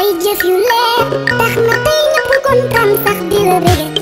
tey jëf yu leer tax na tey ñëpp kontaan sax di la bëgg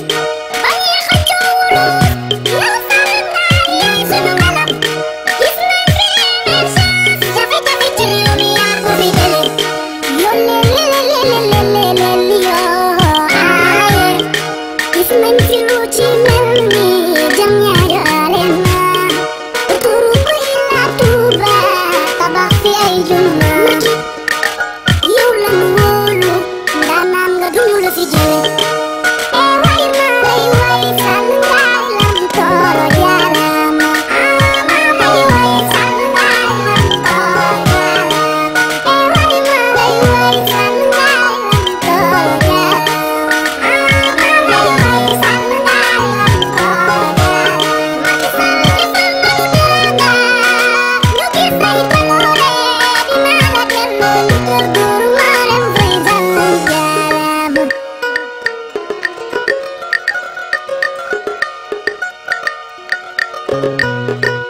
thank you